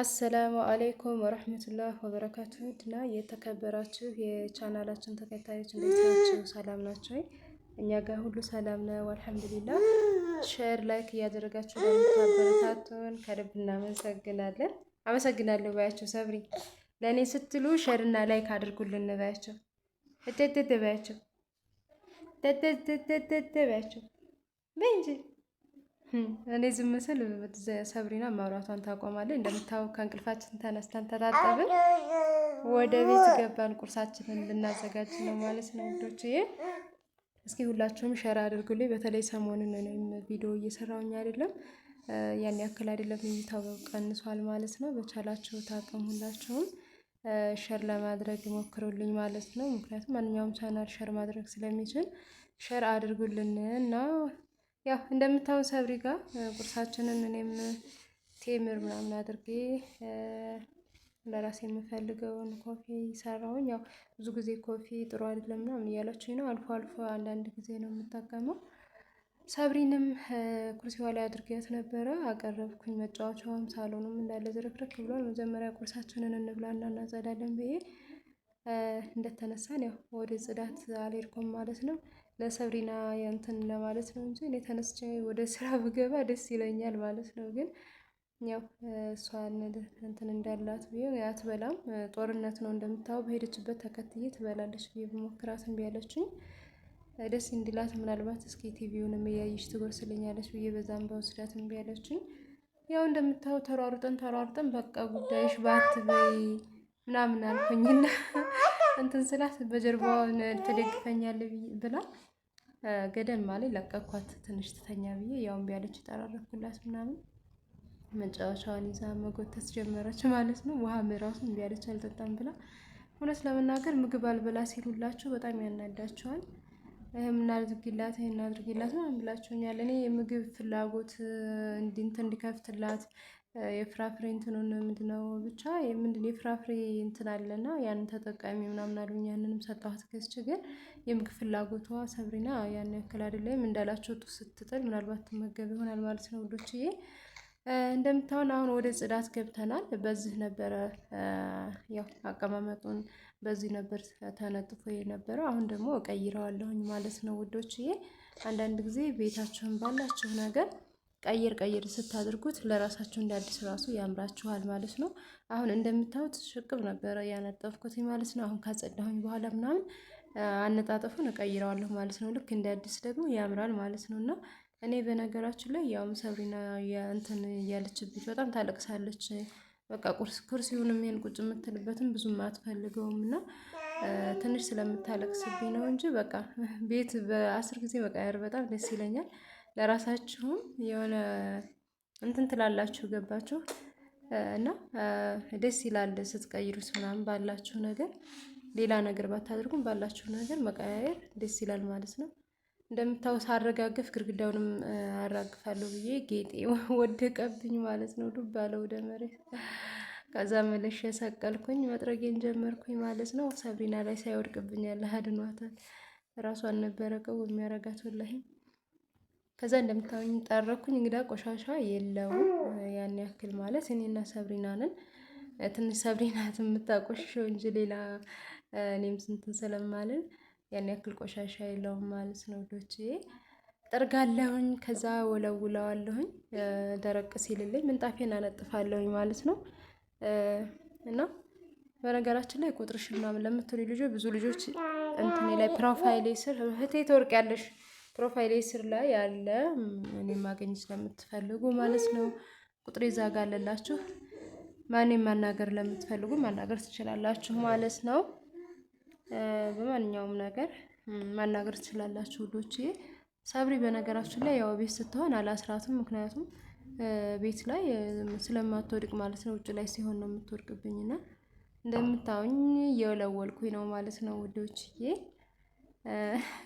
አሰላሙ አለይኩም ወረህመቱላህ ወበረካቱ ድና የተከበራችሁ የቻናላችን ተከታዮች እንደታችሁ ሰላም ናቸው? እኛ ጋር ሁሉ ሰላም ነው አልሐምዱሊላ። ሼር ላይክ እያደረጋችሁ ለምታበረታቱን ከልብ እናመሰግናለን። አመሰግናለሁ ባያቸው ሰብሪ ለእኔ ስትሉ ሼር እና ላይክ አድርጉልን ባያቸው እቴቴቴ ባያቸው እቴቴቴቴ ባያቸው በእንጂ እኔ ዝም ስል ሰብሪና መብራቷን ታቆማለች። እንደምታወቅ ከእንቅልፋችን ተነስተን ተጣጠብን፣ ወደ ቤት ገባን። ቁርሳችንን ልናዘጋጅ ነው ማለት ነው ውዶችዬ። እስኪ ሁላችሁም ሸር አድርጉልኝ። በተለይ ሰሞኑን እኔም ቪዲዮ እየሰራውኝ አይደለም ያን ያክል አይደለም እይታው ቀንሷል ማለት ነው። በቻላችሁ ታቅም ሁላችሁም ሸር ለማድረግ ይሞክሩልኝ ማለት ነው። ምክንያቱም ማንኛውም ቻናል ሸር ማድረግ ስለሚችል ሸር አድርጉልን እና ያው እንደምታዩን ሰብሪ ጋር ቁርሳችንን እኔም ቴምር ምናምን አድርጌ ለራሴ የምፈልገውን ኮፊ ሰራሁኝ። ያው ብዙ ጊዜ ኮፊ ጥሩ አይደለም ምናምን እያላችሁ ነው። አልፎ አልፎ አንዳንድ ጊዜ ነው የምጠቀመው። ሰብሪንም ኩርሲዋ ላይ አድርጌያት ነበረ አቀረብኩኝ። መጫወቻውም ሳሎኑም እንዳለ ዝርክርክ ብሏል። መጀመሪያ ቁርሳችንን እንብላና እናጸዳለን ብዬ እንደተነሳን ያው ወደ ጽዳት አልሄድኩም ማለት ነው። ለሰብሪና እንትን ለማለት ነው እንጂ እኔ ተነስቼ ወደ ስራ ብገባ ደስ ይለኛል ማለት ነው። ግን ያው እሷን እንትን እንዳላት ቢሆን አትበላም። ጦርነት ነው እንደምታው በሄደችበት ተከትዬ ትበላለች ብዬ ብሞክራት እምቢ አለችኝ። ደስ እንዲላት ምናልባት እስኪ ቲቪውን የሚያይሽ ትጎርስልኛለች ብዬ በዛም በወስዳት እምቢ አለችኝ። ያው እንደምታው ተሯሩጠን ተሯሩጠን በቃ ጉዳይሽ ባትበይ ምናምን አልኩኝና እንትን ስላት በጀርባዋ ትደግፈኛለህ ብላ ገደል ማለት ለቀኳት ትንሽ ትተኛ ብዬ ያው ቢያለች አለች። ጠራረኩላት ምናምን መጫወቻውን ይዛ መጎተት ጀመረች ማለት ነው። ውሃ ምራሱ እምቢ አለች አልጠጣም ብላ። እውነት ለመናገር ምግብ አልበላ ሲሉላችሁ በጣም ያናዳቸዋል። ይህን አድርጊላት ይህን አድርጊላት ነው ብላችሁኛል። እኔ የምግብ ፍላጎት እንዲንት እንዲከፍትላት የፍራፍሬ እንትኑን ምንድን ነው ብቻ ምንድን የፍራፍሬ እንትን አለና ያንን ተጠቃሚ ምናምን አሉኝ። ያንንም ሰጠኋት ገዝቼ ግን የምግብ ፍላጎቷ ሰብሪና ያን ያክል አይደለም እንዳላቸው ጡት ስትጥል ምናልባት ትመገብ ይሆናል ማለት ነው ውዶችዬ። እንደምታውን አሁን ወደ ጽዳት ገብተናል። በዚህ ነበረ ያው አቀማመጡን በዚህ ነበር ተነጥፎ የነበረው። አሁን ደግሞ እቀይረዋለሁኝ ማለት ነው ውዶችዬ። አንዳንድ ጊዜ ቤታችሁን ባላችሁ ነገር ቀይር ቀይር ስታደርጉት ለራሳችሁ እንዳዲስ አዲስ ራሱ ያምራችኋል ማለት ነው። አሁን እንደምታዩት ሽቅብ ነበረ ያነጠፍኩት ማለት ነው። አሁን ካጸዳሁኝ በኋላ ምናምን አነጣጠፉን እቀይረዋለሁ ማለት ነው። ልክ እንደ አዲስ ደግሞ ያምራል ማለት ነው እና እኔ በነገራችን ላይ ያውም ሰብሪና እንትን እያለችብኝ በጣም ታለቅሳለች። በቃ ቁርስ ኩርሲውንም ይሄን ቁጭ የምትልበትም ብዙም አትፈልገውም እና ትንሽ ስለምታለቅስብኝ ነው እንጂ በቃ ቤት በአስር ጊዜ መቀየር በጣም ደስ ይለኛል። ለራሳችሁም የሆነ እንትን ትላላችሁ ገባችሁ እና ደስ ይላል ስትቀይሩት ምናምን ባላችሁ ነገር ሌላ ነገር ባታደርጉም ባላችሁ ነገር መቀያየር ደስ ይላል ማለት ነው። እንደምታዩት ሳረጋግፍ ግድግዳውንም አራግፋለሁ ብዬ ጌጤ ወደቀብኝ ማለት ነው። ዱብ አለ ወደ መሬት። ከዛ መለሽ ሰቀልኩኝ፣ መጥረጌን ጀመርኩኝ ማለት ነው። ሰብሪና ላይ ሳይወድቅብኝ ያለ አድኗታል። ራሷን ነበረ ቀው የሚያረጋት ወላሂ። ከዛ እንደምታውኝ ጠረኩኝ። እንግዳ ቆሻሻ የለውም ያን ያክል ማለት እኔና ሰብሪና ነን። ትንሽ ሰብሪናት የምታቆሽሸው እንጂ ሌላ እኔም ስንትን ስለማልን ያን ያክል ቆሻሻ የለውም ማለት ነው ዶቼ ጠርጋለሁኝ። ከዛ ወለውለዋለሁኝ። ደረቅ ሲልልኝ ምንጣፌን አነጥፋለሁኝ ማለት ነው። እና በነገራችን ላይ ቁጥርሽ ምናምን ለምትሉ ልጆች ብዙ ልጆች እንትኔ ላይ ፕሮፋይሌ ስር እህቴ ትወርቅ ያለሽ ፕሮፋይሌ ስር ላይ ያለ እኔ ማገኝ ስለምትፈልጉ ማለት ነው ቁጥሬ እዛ ጋ አለላችሁ። ማንም ማናገር ለምትፈልጉ ማናገር ትችላላችሁ ማለት ነው። በማንኛውም ነገር ማናገር ትችላላችሁ ውዶቼ። ሳብሪ በነገራችን ላይ ያው ቤት ስትሆን አላስራትም፣ ምክንያቱም ቤት ላይ ስለማትወድቅ ማለት ነው። ውጭ ላይ ሲሆን ነው የምትወድቅብኝና እንደምታውኝ እየወለወልኩኝ ነው ማለት ነው ውዶችዬ።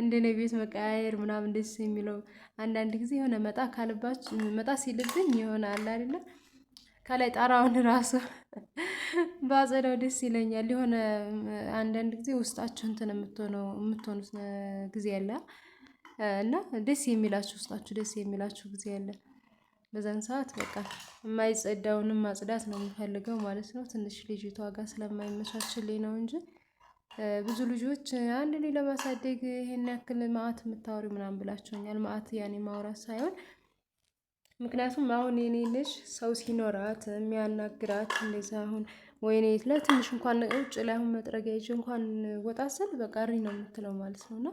እንደኔ ቤት መቀያየር ምናምን ደስ የሚለው አንዳንድ ጊዜ የሆነ መጣ ካልባች መጣ ሲልብኝ ይሆናል አይደለም ከላይ ጣራውን ራሱ ባጸዳው ደስ ይለኛል። የሆነ አንዳንድ ጊዜ ውስጣችሁ እንትን የምትሆኑት ጊዜ አለ እና ደስ የሚላችሁ ውስጣችሁ ደስ የሚላችሁ ጊዜ አለ። በዛን ሰዓት በቃ የማይጸዳውንም ማጽዳት ነው የምፈልገው ማለት ነው። ትንሽ ልጅቷ ጋር ስለማይመቻችልኝ ነው እንጂ ብዙ ልጆች አንድ ላይ ለማሳደግ ይሄን ያክል ማአት የምታወሪ ምናምን ብላቸውኛል ማአት ያኔ ማውራት ሳይሆን ምክንያቱም አሁን የኔ ልጅ ሰው ሲኖራት የሚያናግራት እንደዚህ አሁን ወይኔ ላይ ትንሽ እንኳን ውጭ ላይ አሁን መጥረጊያ ይዤ እንኳን ወጣ ስል በቃሪ ነው የምትለው ማለት ነው። እና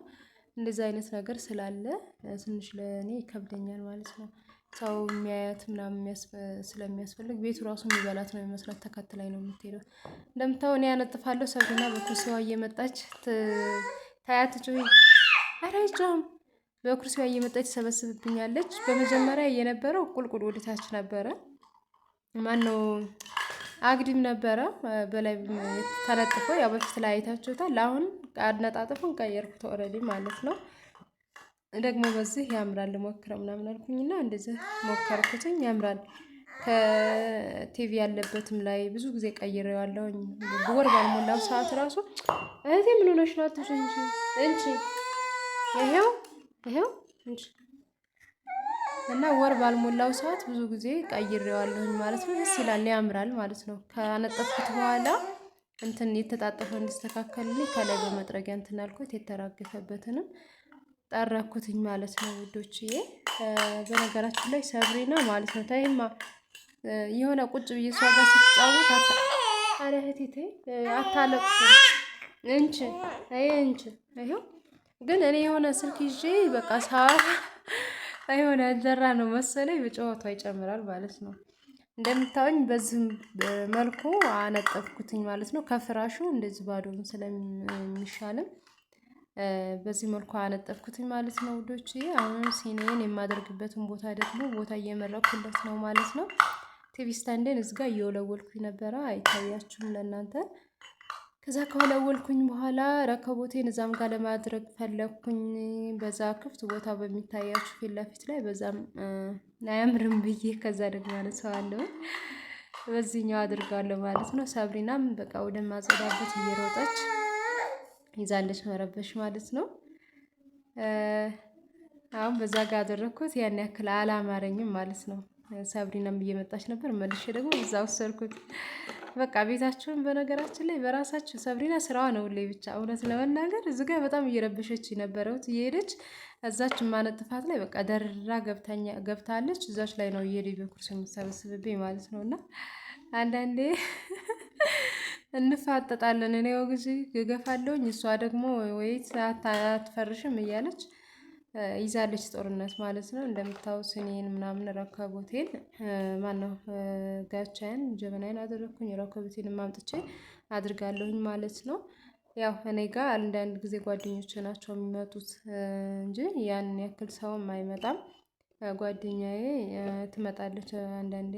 እንደዚህ አይነት ነገር ስላለ ትንሽ ለእኔ ይከብደኛል ማለት ነው። ሰው የሚያያት ምናምን ስለሚያስፈልግ ቤቱ ራሱ የሚበላት ነው የሚመስላት። ተከትላይ ነው የምትሄደው። እንደምታው እኔ ያነጥፋለሁ ሰብና በኩስዋ እየመጣች ታያትጩ ጩ በኩርሲዋ እየመጣች ሰበስብብኛለች። በመጀመሪያ የነበረው ቁልቁል ወደታች ነበረ። ነው አግድም ነበረ በላይ ተለጥፎ፣ ያው በፊት ላይ አይታችሁታል። አሁን አነጣጥፉን ቀየርኩት ኦልሬዲ ማለት ነው። ደግሞ በዚህ ያምራል ልሞክረው ምናምን አልኩኝና እንደዚህ ሞከርኩትኝ ያምራል። ከቲቪ ያለበትም ላይ ብዙ ጊዜ ቀይሬዋለሁኝ። ወር ባልሞላው ሰዓት ራሱ እህቴ ምን ሆነሽ ነው? አትሽ እንጂ ይሄው ይሄው እንጂ እና ወር ባልሞላው ሰዓት ብዙ ጊዜ ቀይሬዋለሁኝ ማለት ነው። ደስ ይላል፣ ያምራል ማለት ነው። ካነጠፍኩት በኋላ እንትን የተጣጠፈ እንዲስተካከልልኝ ከላይ በመጥረጊያ እንትን አልኩት። የተራገፈበትንም ጠረኩትኝ ማለት ነው ውዶችዬ። በነገራችን ላይ ሰብሪና ማለት ነው ታይማ የሆነ ቁጭ ብዬ እሷ ጋር ስትጫወት አታለህቴቴ እንቺ አይ እንቺ ይኸው ግን እኔ የሆነ ስልክ ይዤ በቃ ሳወራ የሆነ እንጀራ ነው መሰለኝ በጨዋታ ይጨምራል ማለት ነው። እንደምታዩኝ በዚህም መልኩ አነጠፍኩትኝ ማለት ነው። ከፍራሹ እንደዚህ ባዶ ስለሚሻልም በዚህ መልኩ አነጠፍኩትኝ ማለት ነው ውዶች። አሁን ሲኔን የማደርግበትን ቦታ ደግሞ ቦታ እየመረኩለት ነው ማለት ነው። ቲቪ ስታንድን እዚጋ እየወለወልኩኝ ነበረ፣ አይታያችሁም ለእናንተ ከዛ ከወለወልኩኝ በኋላ ረከቦቴ እዛም ጋር ለማድረግ ፈለግኩኝ። በዛ ክፍት ቦታ በሚታያችሁ ፊት ለፊት ላይ በዛም አያምርም ብዬ ከዛ ደግሞ አነሳዋለሁ በዚህኛው አድርጋለሁ ማለት ነው። ሳብሪናም በቃ ወደማጸዳበት እየሮጠች ይዛለች መረበሽ ማለት ነው። አሁን በዛ ጋር አደረግኩት ያን ያክል አላማረኝም ማለት ነው። ሳብሪናም እየመጣች ነበር መልሼ ደግሞ እዛ ወሰድኩት። በቃ ቤታችሁን በነገራችን ላይ በራሳችሁ ሰብሪና ስራዋ ነው ሁሌ ብቻ እውነት ለመናገር እዚ ጋር በጣም እየረበሸች ነበረውት እየሄደች እዛች ማነጥፋት ላይ በቃ ገብታኛ ገብታለች። እዛች ላይ ነው እየሄደ በኩርስ የምትሰበስብብኝ ማለት ነው። እና አንዳንዴ እንፋጠጣለን። እኔ ወግዚ ገፋለውኝ እሷ ደግሞ ወይ አትፈርሽም እያለች ይዛለች ጦርነት ማለት ነው። እንደምታውስ እኔን ምናምን ረከቦቴን ማነው ጋቻዬን ጀበናዬን አደረግኩኝ ረከቦቴን ማምጥቼ አድርጋለሁኝ ማለት ነው። ያው እኔ ጋር አንዳንድ ጊዜ ጓደኞቼ ናቸው የሚመጡት እንጂ ያን ያክል ሰውም አይመጣም። ጓደኛዬ ትመጣለች አንዳንዴ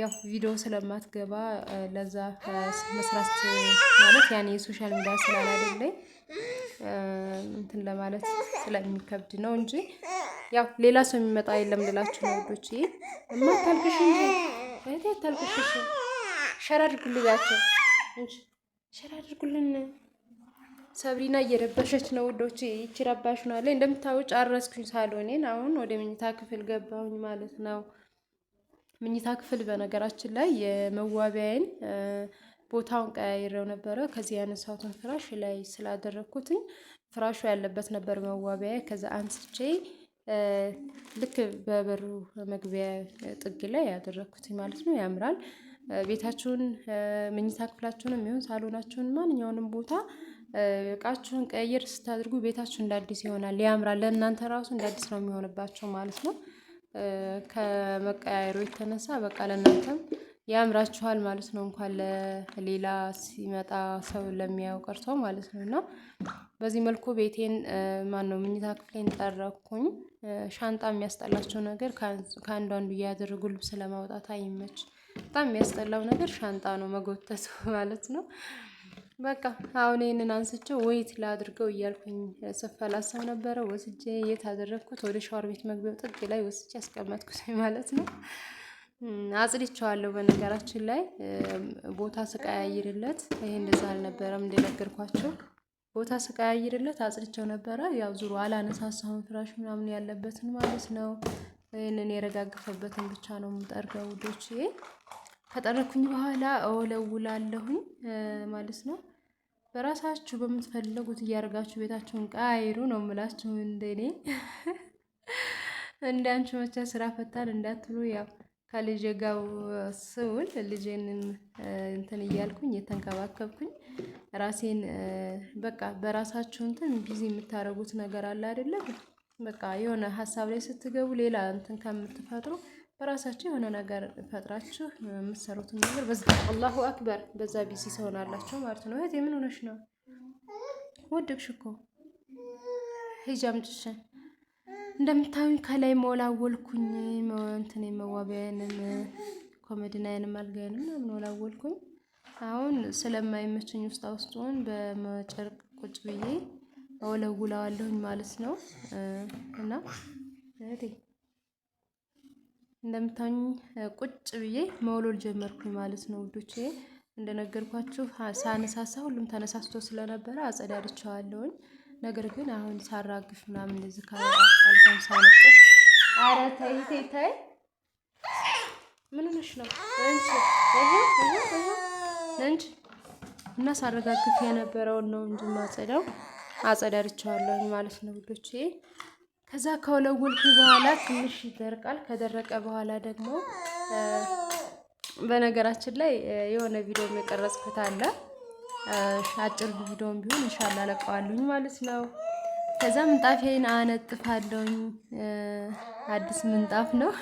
ያው ቪዲዮ ስለማትገባ ለዛ መስራት ማለት ያን የሶሻል ሚዲያ ስላላደለኝ እንትን ለማለት ስለሚከብድ ነው እንጂ ያው ሌላ ሰው የሚመጣ የለም ልላችሁ ነው ውዶች። እማ ታልቅሽ እንጂ እህቴ ታልቅሽ። እሺ ሸር አድርጉልላቸው እንጂ ሸር አድርጉልን። ሰብሪና እየረበሸች ነው ውዶች። ይቺ ረባሽ ነው አለ። እንደምታዩ ጨረስኩኝ ሳሎኔን። አሁን ወደ መኝታ ክፍል ገባሁኝ ማለት ነው። መኝታ ክፍል በነገራችን ላይ የመዋቢያዬን ቦታውን ቀያይረው ነበረ። ከዚህ ያነሳሁትን ፍራሽ ላይ ስላደረግኩትኝ ፍራሹ ያለበት ነበር መዋቢያ። ከዛ አንስቼ ልክ በበሩ መግቢያ ጥግ ላይ ያደረግኩትኝ ማለት ነው። ያምራል። ቤታችሁን፣ መኝታ ክፍላችሁን የሚሆን ሳሎናችሁን፣ ማንኛውንም ቦታ እቃችሁን ቀይር ስታደርጉ ቤታችሁ እንደ አዲስ ይሆናል። ያምራል። ለእናንተ ራሱ እንደ አዲስ ነው የሚሆንባቸው ማለት ነው። ከመቀያየሩ የተነሳ በቃ ለእናንተም ያምራችኋል ማለት ነው። እንኳን ለሌላ ሲመጣ ሰው ለሚያውቀር ቀርቶ ማለት ነው። እና በዚህ መልኩ ቤቴን ማን ነው ምኝታ ክፍሌን ጠረኩኝ። ሻንጣ የሚያስጠላቸው ነገር ከአንዱ አንዱ እያደረጉ ልብስ ለማውጣት አይመች። በጣም የሚያስጠላው ነገር ሻንጣ ነው፣ መጎተቱ ማለት ነው። በቃ አሁን ይህንን አንስቼው ወይት ላድርገው እያልኩኝ ስፈላሰብ ነበረ። ወስጄ የት አደረግኩት? ወደ ሻወር ቤት መግቢያው ጥግ ላይ ወስጄ ያስቀመጥኩት ማለት ነው። አጽድቼዋለሁ። በነገራችን ላይ ቦታ ስቀያይርለት ይሄ እንደዛ አልነበረም እንደነገርኳቸው ቦታ ስቀያይርለት አጽድቼው ነበረ። ያው ዙሮ አላነሳሳሁም ፍራሽ ምናምን ያለበትን ማለት ነው። ይህንን የረጋግፈበትን ብቻ ነው የምጠርገው ውዶች። ከጠረኩኝ በኋላ እወለውላለሁኝ ማለት ነው። በራሳችሁ በምትፈልጉት እያደረጋችሁ ቤታችሁን ቀያይሩ ነው የምላችሁ። እንደኔ እንዳንቺ መቼ ስራ ፈታል እንዳትሉ ያው ከልጅ ጋር ስውል ልጄንም እንትን እያልኩኝ የተንከባከብኩኝ ራሴን በቃ በራሳችሁ እንትን ቢዚ የምታደርጉት ነገር አለ አይደለ? በቃ የሆነ ሀሳብ ላይ ስትገቡ ሌላ እንትን ከምትፈጥሩ በራሳችሁ የሆነ ነገር ፈጥራችሁ የምትሰሩትን ነገር በዛ አላሁ አክበር በዛ ቢዚ ሰሆናላችሁ ማለት ነው። እህቴ ምን ሆነሽ ነው? ወደቅሽ እኮ ሂጃም አምጪሽ እንደምታዩኝ ከላይ መወላወልኩኝ እንትን መዋቢያንም ኮሜዲናዬንም አልጋዬንም ምናምን ወላወልኩኝ። አሁን ስለማይመችኝ ውስጣ ውስጡን በመጨርቅ ቁጭ ብዬ እወለውለዋለሁኝ ማለት ነው እና እንደምታዩኝ ቁጭ ብዬ መወሎል ጀመርኩኝ ማለት ነው ውዶቼ። እንደነገርኳችሁ ሳነሳሳ ሁሉም ተነሳስቶ ስለነበረ አጸዳድቸዋለሁኝ። ነገር ግን አሁን ሳራግፍ ምናምን እንደዚህ ከአልካም ሳነቅ አረ ተይ ተይ ተይ ምን ሆነሽ ነው እንጂ እንጂ እና ሳረጋግፍ የነበረውን ነው እንጂ ማጸዳው አጸዳርቻለሁኝ ማለት ነው ውዶቼ። ከዛ ከወለወልኩ በኋላ ትንሽ ይደርቃል። ከደረቀ በኋላ ደግሞ በነገራችን ላይ የሆነ ቪዲዮ የቀረጽኩት አለ አጭር ቪዲዮም ቢሆን ኢንሻአላ ለቀዋለሁ ማለት ነው። ከዛ ምንጣፌን አነጥፋለሁኝ። አዲስ ምንጣፍ ነው።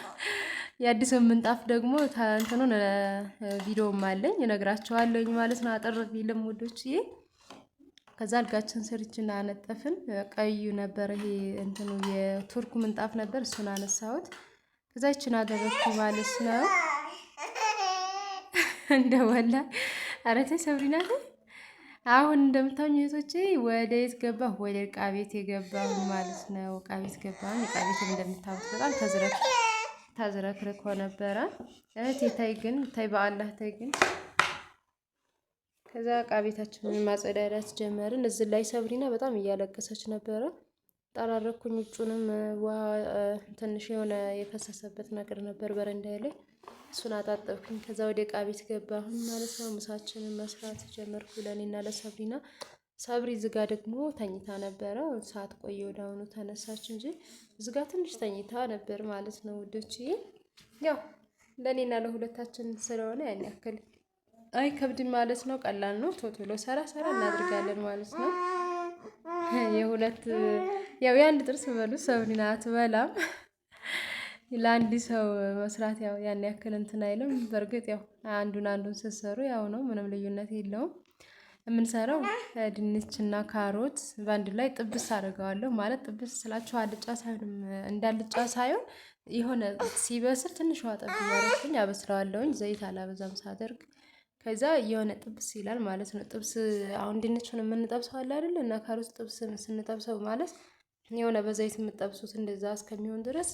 የአዲስ ምንጣፍ ደግሞ ታንተኑ ቪዲዮም አለኝ እነግራችኋለሁ ማለት ነው። አጠር ቢልም ውዶች ይሄ ከዛ አልጋችን ስርችን አነጠፍን። ቀዩ ነበር ይሄ እንትኑ የቱርክ ምንጣፍ ነበር፣ እሱን አነሳሁት። ከዛ ይችን አገበኩ ማለት ነው እንደወላ አረተ ሰብሪናት አሁን እንደምታውኝ እህቶቼ ወደ የት ገባሁ? ወደ ዕቃ ቤት የገባሁ ማለት ነው። ዕቃ ቤት ገባሁ። ዕቃ ቤት እንደምታውቁት በጣም ተዝረክርኮ ነበረ። እህቴ ታይ ግን ታይ፣ በአላህ ታይ ግን ከዛ ዕቃ ቤታችንን ማጸዳዳት ጀመርን። እዚህ ላይ ሰብሪና በጣም እያለቀሰች ነበረ። ጠራረኩኝ። ውጩንም ውሃ ትንሽ የሆነ የፈሰሰበት ነገር ነበር በረንዳ ላይ እሱን አጣጠብኩኝ። ከዛ ወደ እቃ ቤት ገባሁኝ ማለት ነው። ምሳችንን መስራት ጀመርኩ ለእኔና ለሰብሪና። ሰብሪ ዝጋ ደግሞ ተኝታ ነበረ። ሰዓት ቆየ፣ ወደ አሁኑ ተነሳች እንጂ ዝጋ ትንሽ ተኝታ ነበር ማለት ነው ውዶች። ያው ለእኔና ለሁለታችን ስለሆነ ያን ያክል አይ ከብድም ማለት ነው። ቀላል ነው። ቶቶሎ ሰራ ሰራ እናድርጋለን ማለት ነው። የሁለት ያው የአንድ ጥርስ በሉ ሰብሪና አትበላም። ለአንድ ሰው መስራት ያው ያን ያክል እንትን አይልም። በእርግጥ ያው አንዱን አንዱን ስትሰሩ ያው ነው፣ ምንም ልዩነት የለውም። የምንሰራው እና ካሮት በአንድ ላይ ጥብስ አድርገዋለሁ። ማለት ጥብስ ስላችሁ አልጫ ሳይሆንም እንዳልጫ ሳይሆን የሆነ ሲበስል ትንሽ ዋጠ ያረፍኝ አበስለዋለሁኝ። ዘይት አላበዛም ሳደርግ ከዛ የሆነ ጥብስ ይላል ማለት ነው። ጥብስ አሁን ድንቹን የምንጠብሰው አለ አይደል? እና ካሮት ጥብስ ስንጠብሰው ማለት የሆነ በዘይት የምጠብሱት እንደዛ እስከሚሆን ድረስ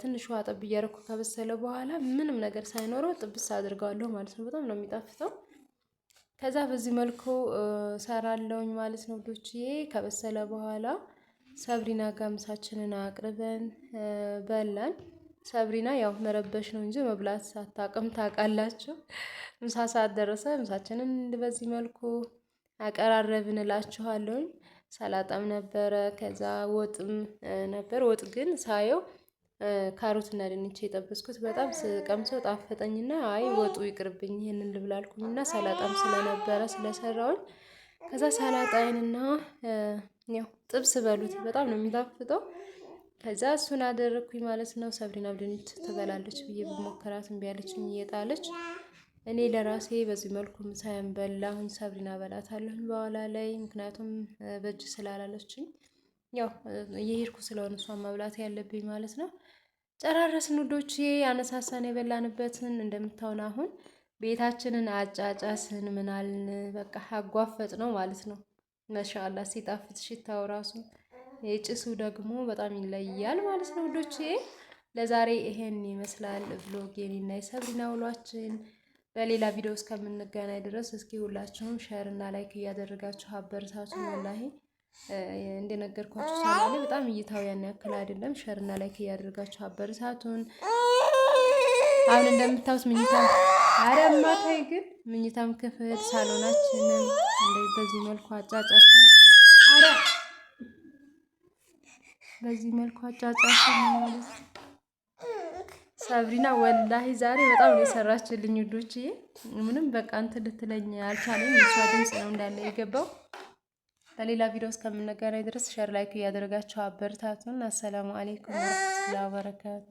ትንሽ ውሃ ጠብ እያደረኩ ከበሰለ በኋላ ምንም ነገር ሳይኖረው ጥብስ አድርገዋለሁ ማለት ነው። በጣም ነው የሚጣፍተው። ከዛ በዚህ መልኩ ሰራለውኝ ማለት ነው ዶችዬ ከበሰለ በኋላ ሰብሪና ጋር ምሳችንን አቅርበን በላን። ሰብሪና ያው መረበሽ ነው እንጂ መብላት ሳታቅም ታውቃላችሁ። ምሳ ሰዓት ደረሰ። ምሳችንን በዚህ መልኩ አቀራረብን እላችኋለሁኝ። ሰላጣም ነበረ፣ ከዛ ወጥም ነበር። ወጥ ግን ሳየው ካሮት እና ድንች የጠበስኩት በጣም ስቀምሰው ጣፈጠኝና አይ ወጡ ይቅርብኝ ይህንን ልብላልኩኝና ሰላጣም ስለነበረ ስለሰራውኝ ከዛ ሰላጣይንና ያው ጥብስ በሉት በጣም ነው የሚጣፍጠው። ከዛ እሱን አደረግኩኝ ማለት ነው። ሰብሪና ድንች ትበላለች ብዬ በሞከራት እምቢ አለችኝ እየጣለች። እኔ ለራሴ በዚህ መልኩ ምሳዬን በላሁኝ። ሰብሪና በላታለሁኝ በኋላ ላይ ምክንያቱም በእጅ ስላላለችኝ ያው እየሄድኩ ስለሆነ እሷን መብላት ያለብኝ ማለት ነው። ጨራረስን ውዶች፣ ያነሳሳን የበላንበትን እንደምታውን አሁን ቤታችንን አጫጫስን ምናልን በቃ አጓፈጥ ነው ማለት ነው። መሻላ ሲጣፍጥ ሽታው ራሱ የጭሱ ደግሞ በጣም ይለያል ማለት ነው ውዶች። ለዛሬ ይሄን ይመስላል ብሎግ የኔና የሰብሪና ውሏችን። በሌላ ቪዲዮ እስከምንገናኝ ድረስ እስኪ ሁላችሁም ሼር እና ላይክ እያደረጋችሁ አበረታቱን። ወላሂ እንደነገርኳችሁ ቻናሌ በጣም እይታው ያን ያክል አይደለም። ሸርና ላይክ እያደረጋችሁ አበረታቱን። አሁን እንደምታውስ ምኝታ አረማታይ ግን ምኝታም ክፍል ሳሎናችንን በዚህ መልኩ አጫጫስ አረ በዚህ መልኩ አጫጫስ ማለት ሰብሪና ወላሂ ዛሬ በጣም ነው የሰራችልኝ ውዶችዬ። ምንም በቃ እንትን ልትለኝ አልቻለኝ። እሷ ድምፅ ነው እንዳለ የገባው በሌላ ቪዲዮ እስከምንገናኝ ድረስ ሸር ላይክ እያደረጋችሁ አበርታቱን። አሰላሙ አሌይኩም ረመቱላ ወበረካቱ።